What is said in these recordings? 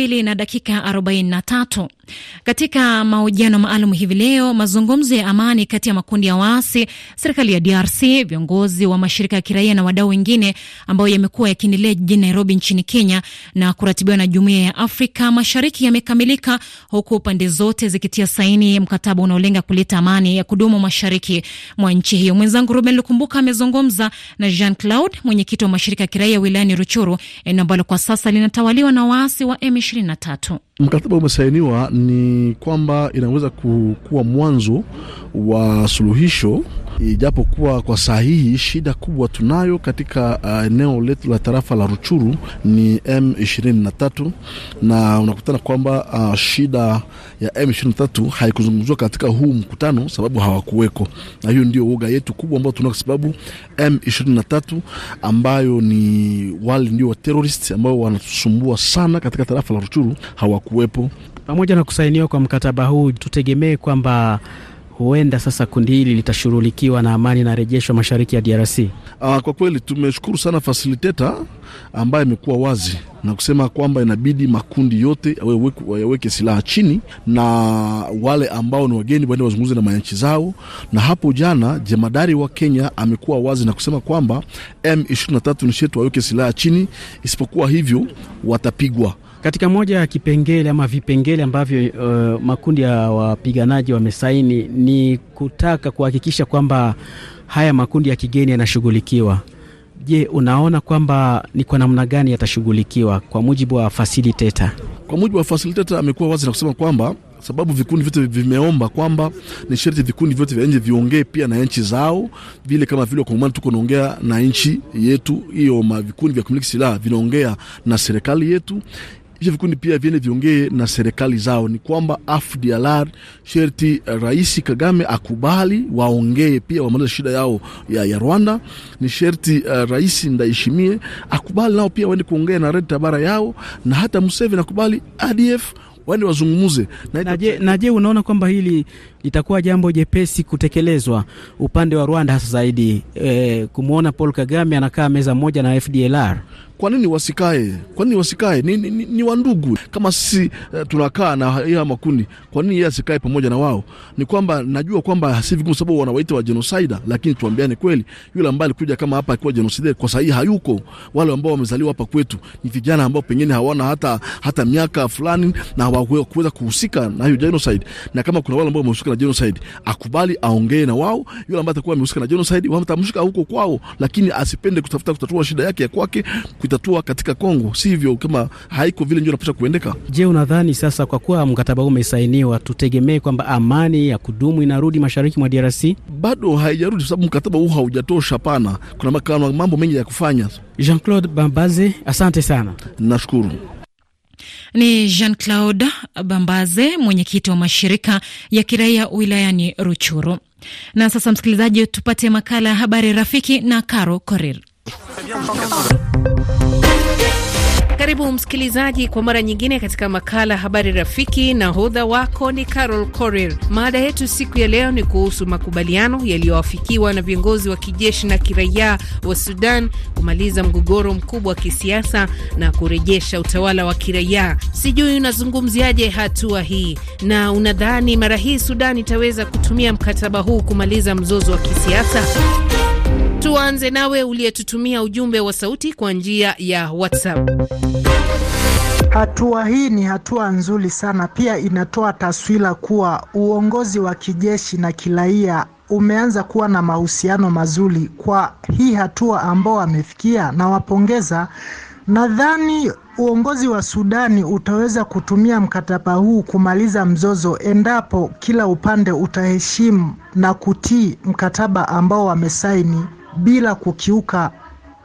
mbili na dakika arobaini na tatu. Katika mahojiano maalum hivi leo, mazungumzo ya amani kati ya makundi ya waasi, serikali ya DRC, viongozi wa mashirika ya kiraia na wadau wengine, ambayo yamekuwa yakiendelea jijini Nairobi nchini Kenya na kuratibiwa na Jumuiya ya Afrika Mashariki yamekamilika, huku pande zote zikitia saini mkataba unaolenga kuleta amani ya kudumu mashariki mwa nchi hiyo. Mwenzangu Ruben Lukumbuka amezungumza na Jean Claude, mwenyekiti wa mashirika ya kiraia wilayani Ruchuru, eneo ambalo kwa sasa linatawaliwa na waasi wa M23 mkataba umesainiwa ni kwamba inaweza kuwa mwanzo wa suluhisho ijapokuwa kwa saa hii shida kubwa tunayo katika uh, eneo letu la tarafa la Ruchuru ni M23, na unakutana kwamba uh, shida ya M23 haikuzungumziwa katika huu mkutano sababu hawakuweko, na hiyo ndio woga yetu kubwa ambao tunao, sababu M23 ambayo ni wale ndio wa terrorist ambao wanatusumbua sana katika tarafa la Ruchuru hawakuwepo. Pamoja na kusainiwa kwa mkataba huu, tutegemee kwamba huenda sasa kundi hili litashughulikiwa na amani na rejesho mashariki ya DRC? Uh, ah, kwa kweli tumeshukuru sana fasiliteta ambaye amekuwa wazi na kusema kwamba inabidi makundi yote yaweke silaha chini na wale ambao ni wageni waende wazungumze na manchi zao. Na hapo jana jemadari wa Kenya amekuwa wazi na kusema kwamba M23 ni shetu waweke silaha chini, isipokuwa hivyo watapigwa. Katika moja ya kipengele ama vipengele ambavyo uh, makundi ya wapiganaji wamesaini ni kutaka kuhakikisha kwamba haya makundi ya kigeni yanashughulikiwa. Je, unaona kwamba ni kwa namna gani yatashughulikiwa kwa mujibu wa fasiliteta? Kwa mujibu wa fasiliteta, amekuwa wazi na kusema kwamba sababu vikundi vyote vimeomba kwamba ni sharti vikundi vyote vya nje viongee pia na nchi zao, vile kama vile wakongomani tuko naongea na nchi yetu hiyo. Vikundi vya kumiliki silaha vinaongea na serikali yetu, vicha vikundi pia viende viongee na serikali zao, ni kwamba FDLR sherti Rais Kagame akubali waongee pia wamaliza shida yao ya, ya Rwanda. Ni sherti uh, Rais Ndayishimiye akubali nao pia waende kuongea na Red Tabara yao, na hata Museveni akubali ADF waende wazungumuze. na je unaona kwamba hili litakuwa jambo jepesi kutekelezwa upande wa Rwanda, hasa zaidi e, kumwona Paul Kagame anakaa meza moja na FDLR. Kwa nini wasikae? Kwa nini wasikae? Ni, ni, ni ni wandugu kama sisi uh, tunakaa na haya makundi. Kwa nini yeye asikae pamoja na wao? Ni kwamba najua kwamba si vigumu, sababu wanawaita wa genocide, lakini tuambiane kweli, yule ambaye alikuja kama hapa akiwa genocide kwa sahihi hayuko. Wale ambao wamezaliwa hapa kwetu ni vijana ambao pengine hawana hata, hata miaka fulani na hawakuweza kuhusika na hiyo genocide, na kama kuna wale ambao wamehusika amehusika na genocide akubali aongee na wao. Yule ambaye atakuwa amehusika na genocide wamtamshika huko kwao, lakini asipende kutafuta kutatua shida yake ya kwake kuitatua katika Kongo, sivyo? Kama haiko vile ndio inapaswa kuendeka. Je, unadhani sasa kwa kuwa mkataba huu umesainiwa, tutegemee kwamba amani ya kudumu inarudi mashariki mwa DRC? Bado haijarudi, sababu mkataba huu haujatosha. pana kuna mambo mengi ya kufanya. Jean Claude Bambaze, asante sana, nashukuru. Ni Jean Claude Bambaze, mwenyekiti wa mashirika ya kiraia wilayani Ruchuru. Na sasa, msikilizaji, tupate makala ya habari rafiki na Caro Korir. Karibu msikilizaji kwa mara nyingine katika makala Habari Rafiki, na hodha wako ni Carol Korir. Mada yetu siku ya leo ni kuhusu makubaliano yaliyoafikiwa na viongozi wa kijeshi na kiraia wa Sudan kumaliza mgogoro mkubwa wa kisiasa na kurejesha utawala wa kiraia. Sijui unazungumziaje hatua hii, na unadhani mara hii Sudan itaweza kutumia mkataba huu kumaliza mzozo wa kisiasa? Tuanze nawe uliyetutumia ujumbe wa sauti kwa njia ya WhatsApp. Hatua hii ni hatua nzuri sana, pia inatoa taswira kuwa uongozi wa kijeshi na kiraia umeanza kuwa na mahusiano mazuri kwa hii hatua ambao wamefikia, na wapongeza. Nadhani uongozi wa Sudani utaweza kutumia mkataba huu kumaliza mzozo endapo kila upande utaheshimu na kutii mkataba ambao wamesaini bila kukiuka,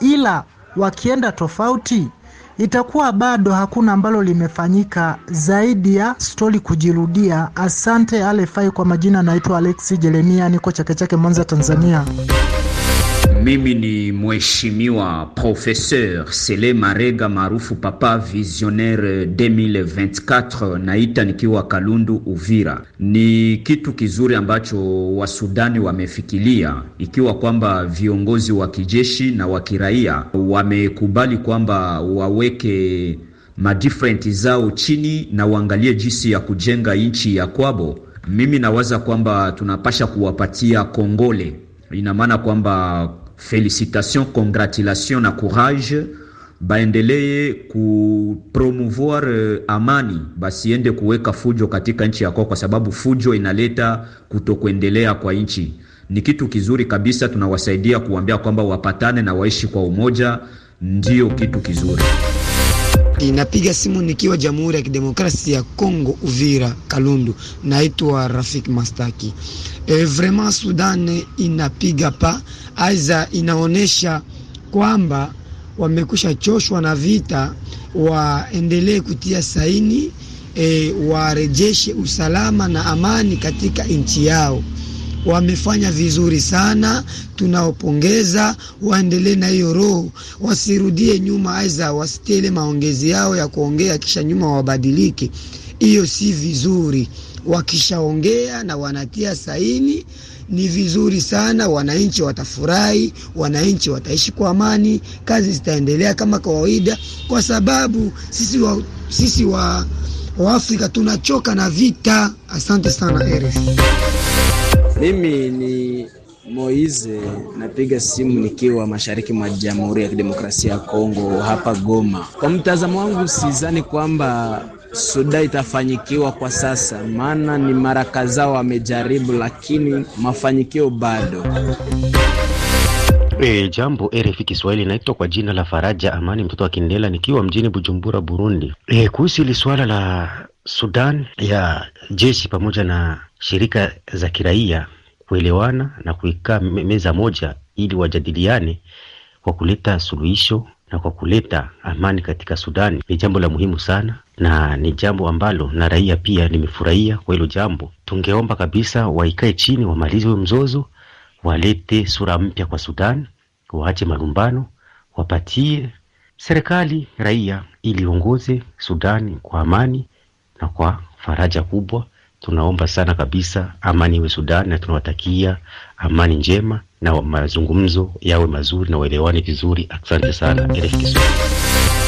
ila wakienda tofauti itakuwa bado hakuna ambalo limefanyika zaidi ya stori kujirudia. Asante. Alefai kwa majina, naitwa Alexi Jeremia, niko Chake Chake, Mwanza, Tanzania. Mimi ni mheshimiwa Professeur Sele Marega maarufu Papa Visionnaire 2024 naita nikiwa Kalundu Uvira. Ni kitu kizuri ambacho Wasudani wamefikilia ikiwa kwamba viongozi wa kijeshi na wa kiraia wamekubali kwamba waweke madifferenti zao chini na waangalie jinsi ya kujenga nchi ya kwabo. Mimi nawaza kwamba tunapasha kuwapatia kongole, ina maana kwamba Felicitation, congratulation na courage, baendelee kupromouvoir euh, amani, basiende kuweka fujo katika nchi yako, kwa sababu fujo inaleta kutokuendelea kwa nchi. Ni kitu kizuri kabisa, tunawasaidia kuambia kwamba wapatane na waishi kwa umoja, ndio kitu kizuri. Ninapiga simu nikiwa Jamhuri ya Kidemokrasia ya Kongo, Uvira, Kalundu. Naitwa Rafik Mastaki. E, vraiment Sudan inapiga pa aiza, inaonesha kwamba wamekusha choshwa na vita, waendelee kutia saini e, warejeshe usalama na amani katika nchi yao wamefanya vizuri sana, tunaopongeza. Waendelee na hiyo roho, wasirudie nyuma, aidha wasitie ile maongezi yao ya kuongea kisha nyuma wabadilike. Hiyo si vizuri. Wakishaongea na wanatia saini ni vizuri sana, wananchi watafurahi, wananchi wataishi kwa amani, kazi zitaendelea kama kawaida, kwa sababu sisi wa, sisi wa Afrika tunachoka na vita. Asante sana RF. Mimi ni Moize, napiga simu nikiwa mashariki mwa Jamhuri ya Kidemokrasia ya Kongo, hapa Goma. Kwa mtazamo wangu, sidhani kwamba Suda itafanyikiwa kwa sasa, maana ni mara kadhaa wamejaribu, lakini mafanikio bado. E, jambo RFI Kiswahili, naitwa kwa jina la Faraja Amani mtoto wa Kindela nikiwa mjini Bujumbura, Burundi. E, kuhusu hili swala la Sudan ya jeshi pamoja na shirika za kiraia kuelewana na kuikaa meza moja ili wajadiliane kwa kuleta suluhisho na kwa kuleta amani katika Sudani ni jambo la muhimu sana, na ni jambo ambalo na raia pia limefurahia kwa hilo jambo. Tungeomba kabisa waikae chini, wamalize huyo mzozo, walete sura mpya kwa Sudani, waache malumbano, wapatie serikali raia ili iongoze Sudani kwa amani na kwa faraja kubwa Tunaomba sana kabisa amani iwe Sudan, na tunawatakia amani njema na mazungumzo yawe mazuri na waelewane vizuri. Asante sana.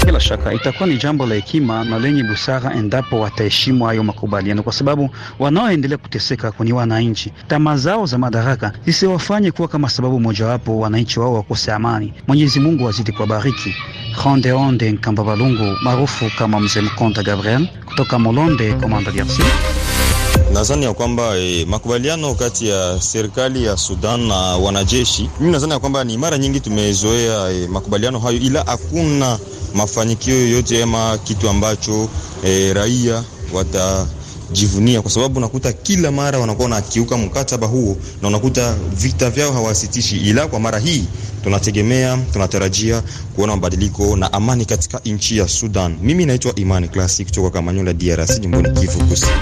Bila shaka itakuwa ni jambo la hekima na lenye busara endapo wataheshimu hayo makubaliano, kwa sababu wanaoendelea kuteseka ni wananchi. Tamaa zao za madaraka zisiwafanye kuwa kama sababu mojawapo wananchi wao wakose amani. Mwenyezi Mungu azidi kuwabariki. Ronde Onde Nkamba Balungu, maarufu kama Mzee Mkonta Gabriel, kutoka Molonde, Komanda DRC. Nadhani ya kwamba eh, makubaliano kati ya serikali ya Sudan na wanajeshi, mimi nadhani ya kwamba ni mara nyingi tumezoea eh, makubaliano hayo, ila hakuna mafanikio yoyote ama kitu ambacho eh, raia wata jivunia kwa sababu unakuta kila mara wanakuwa wanakiuka mkataba huo, na unakuta vita vyao hawasitishi. Ila kwa mara hii tunategemea, tunatarajia kuona mabadiliko na amani katika nchi ya Sudan. Mimi naitwa Imani Classic kutoka Kamanyola, DRC, jimboni Kivu Kusini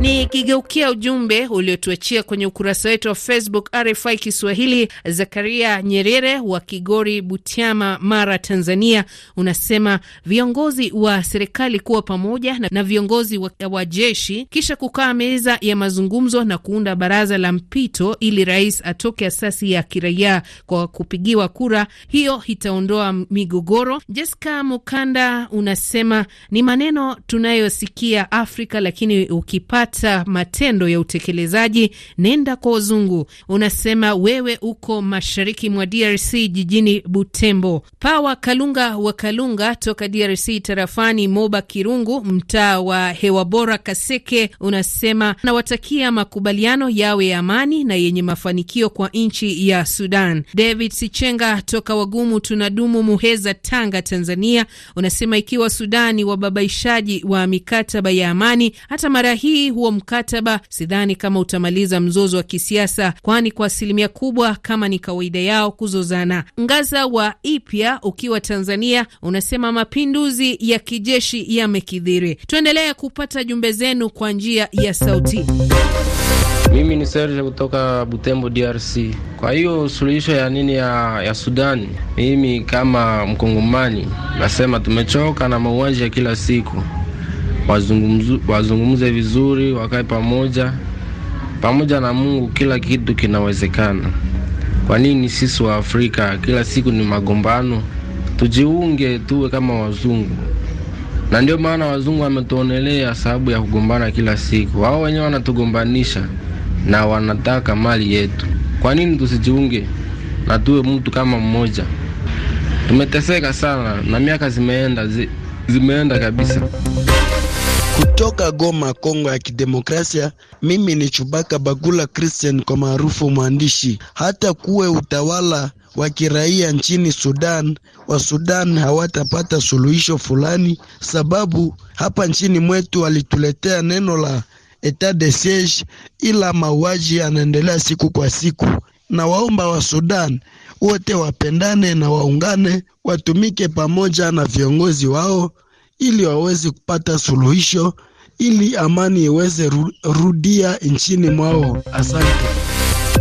ni kigeukia ujumbe uliotuachia kwenye ukurasa wetu wa Facebook RFI Kiswahili, Zakaria Nyerere wa Kigori, Butiama, Mara, Tanzania, unasema viongozi wa serikali kuwa pamoja na viongozi wa, wa jeshi kisha kukaa meza ya mazungumzo na kuunda baraza la mpito ili rais atoke asasi ya kiraia kwa kupigiwa kura, hiyo itaondoa migogoro. Jessica Mukanda unasema ni maneno tunayosikia Afrika, lakini ukipata kupata matendo ya utekelezaji, nenda kwa wazungu. Unasema wewe uko mashariki mwa DRC jijini Butembo. Pawa Kalunga wa Kalunga toka DRC tarafani Moba Kirungu, mtaa wa hewa bora Kaseke, unasema nawatakia makubaliano yawe ya amani na yenye mafanikio kwa nchi ya Sudan. David Sichenga toka Wagumu tunadumu Muheza, Tanga, Tanzania, unasema ikiwa Sudani wababaishaji wa mikataba ya amani, hata mara hii huo mkataba, sidhani kama utamaliza mzozo wa kisiasa, kwani kwa asilimia kubwa, kama ni kawaida yao kuzozana. Ngaza wa Ipya ukiwa Tanzania unasema mapinduzi ya kijeshi yamekidhiri. Tuendelea kupata jumbe zenu kwa njia ya sauti. Mimi ni Serge kutoka Butembo, DRC. Kwa hiyo suluhisho ya nini ya, ya Sudani, mimi kama Mkongomani nasema tumechoka na mauaji ya kila siku wazungumze vizuri, wakae pamoja. Pamoja na Mungu kila kitu kinawezekana. Kwa nini sisi wa Afrika kila siku ni magombano? Tujiunge, tuwe kama wazungu, na ndio maana wazungu wametuonelea sababu ya kugombana kila siku. Wao wenyewe wanatugombanisha na wanataka mali yetu. Kwa nini tusijiunge na tuwe mtu kama mmoja? Tumeteseka sana na miaka zimeenda, zi, zimeenda kabisa. Kutoka Goma, Kongo ya Kidemokrasia, mimi ni Chubaka Bagula Christian kwa maarufu mwandishi. Hata kuwe utawala wa kiraia nchini Sudan, wa Sudan hawatapata suluhisho fulani, sababu hapa nchini mwetu walituletea neno la etat de siege, ila mauaji yanaendelea siku kwa siku. Na waomba wa Sudan wote wapendane na waungane, watumike pamoja na viongozi wao ili waweze kupata suluhisho ili amani iweze rudia nchini mwao. Asante.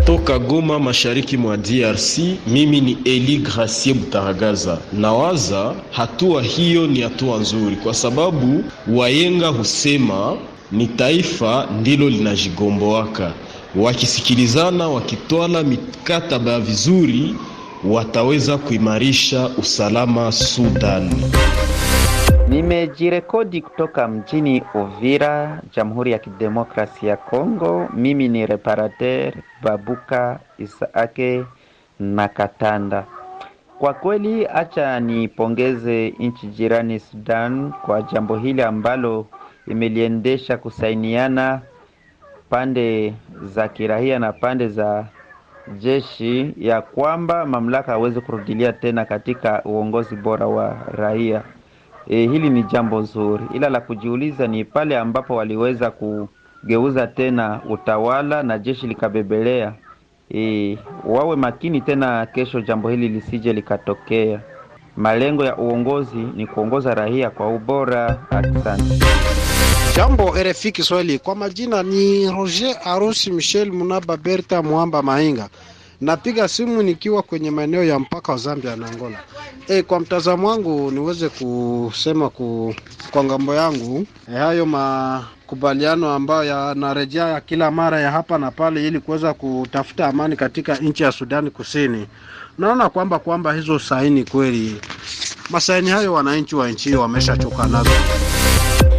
Toka Goma, mashariki mwa DRC, mimi ni Eli Gracie Butaragaza. Nawaza hatua hiyo ni hatua nzuri, kwa sababu wayenga husema ni taifa ndilo linajigomboaka. Wakisikilizana, wakitwala mikataba vizuri, wataweza kuimarisha usalama Sudani. Nimejirekodi kutoka mjini Uvira, Jamhuri ya Kidemokrasi ya Kongo. Mimi ni Reparater Babuka Isaake na Katanda. Kwa kweli, acha nipongeze nchi jirani Sudan kwa jambo hili ambalo imeliendesha kusainiana pande za kirahia na pande za jeshi ya kwamba mamlaka aweze kurudilia tena katika uongozi bora wa raia. E, hili ni jambo zuri, ila la kujiuliza ni pale ambapo waliweza kugeuza tena utawala na jeshi likabebelea. E, wawe makini tena kesho jambo hili lisije likatokea. Malengo ya uongozi ni kuongoza raia kwa ubora. Asante. Jambo RFI Kiswahili, kwa majina ni Roger Arusi Michel Munaba Berta Mwamba mahinga Napiga simu nikiwa kwenye maeneo ya mpaka wa Zambia na Angola. E, kwa mtazamo wangu niweze kusema ku, kwa ngambo yangu e, hayo makubaliano ambayo yanarejea ya kila mara ya hapa na pale ili kuweza kutafuta amani katika nchi ya Sudani Kusini. Naona kwamba kwamba hizo saini kweli, masaini hayo wananchi wa nchi hiyo wameshachoka nazo.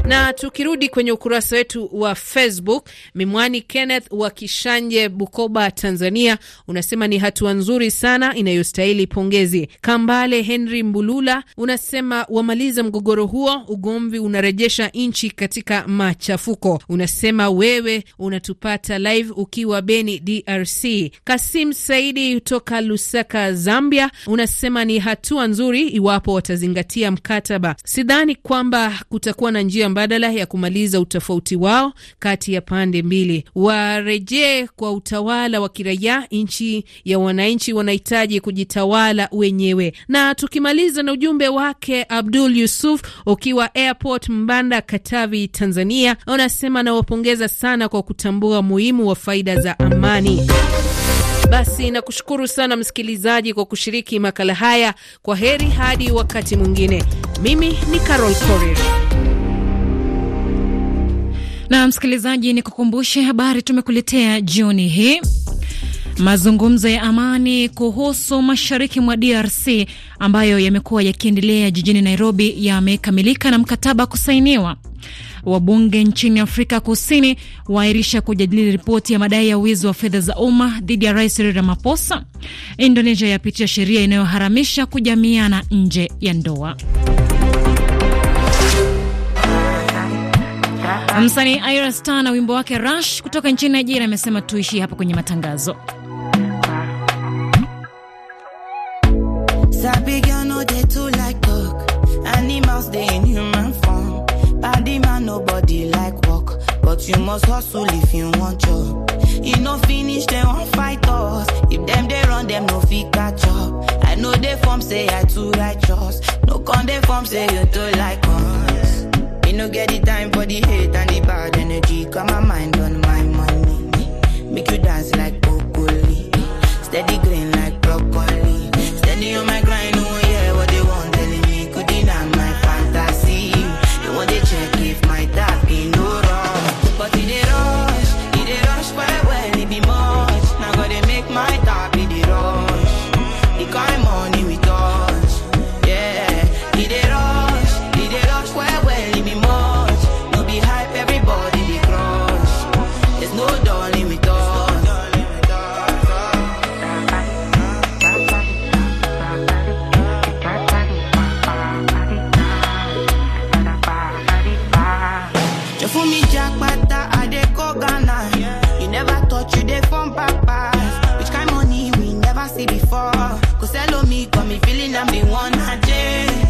Na tukirudi kwenye ukurasa wetu wa Facebook, Mimwani Kenneth wa Kishanje, Bukoba, Tanzania, unasema ni hatua nzuri sana inayostahili pongezi. Kambale Henry Mbulula unasema wamaliza mgogoro huo, ugomvi unarejesha nchi katika machafuko. Unasema wewe unatupata live ukiwa Beni, DRC. Kasim Saidi toka Lusaka, Zambia, unasema ni hatua nzuri iwapo watazingatia mkataba. Sidhani kwamba kutakuwa na njia mbadala ya kumaliza utofauti wao kati ya pande mbili, warejee kwa utawala wa kiraia. Nchi ya wananchi wanahitaji kujitawala wenyewe. Na tukimaliza na ujumbe wake Abdul Yusuf ukiwa airport Mbanda, Katavi, Tanzania, anasema anawapongeza sana kwa kutambua muhimu wa faida za amani. Basi nakushukuru sana msikilizaji kwa kushiriki makala haya. Kwa heri hadi wakati mwingine. Mimi ni Carol Korir. Na msikilizaji, ni kukumbushe habari tumekuletea jioni hii. Mazungumzo ya amani kuhusu mashariki mwa DRC ambayo yamekuwa yakiendelea jijini Nairobi yamekamilika na mkataba kusainiwa. Wabunge nchini Afrika Kusini waahirisha kujadili ripoti ya madai ya wizi wa fedha za umma dhidi ya Rais Cyril Ramaphosa. Indonesia yapitia sheria inayoharamisha kujamiana nje ya ndoa. Msanii ira star na wimbo wake Rush kutoka nchini Nigeria amesema tuishi hapo kwenye matangazo. one a day.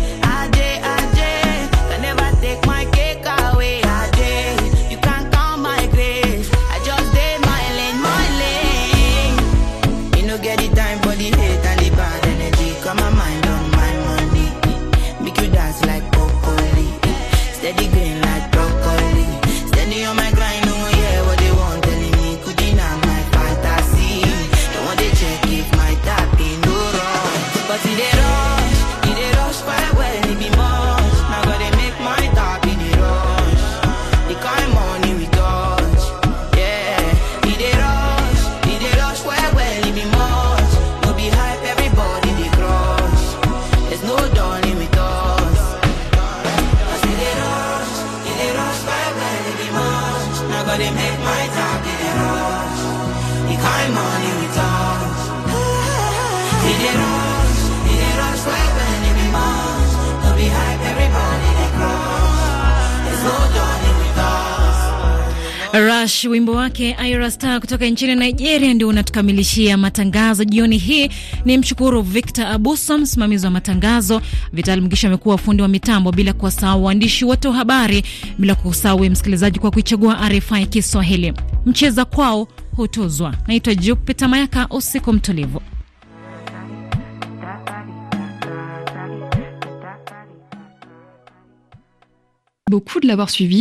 Rush wimbo wake Ira Star kutoka nchini Nigeria ndio unatukamilishia matangazo jioni hii. Ni mshukuru Victor Abusa, msimamizi wa matangazo. Vital Mgisha amekuwa fundi wa mitambo, bila kuwasahau waandishi wote wa habari, bila kusahau msikilizaji kwa kuichagua RFI Kiswahili. Mcheza kwao hutuzwa. Naitwa Jupiter Mayaka, usiku mtulivu. Beaucoup de l'avoir suivi.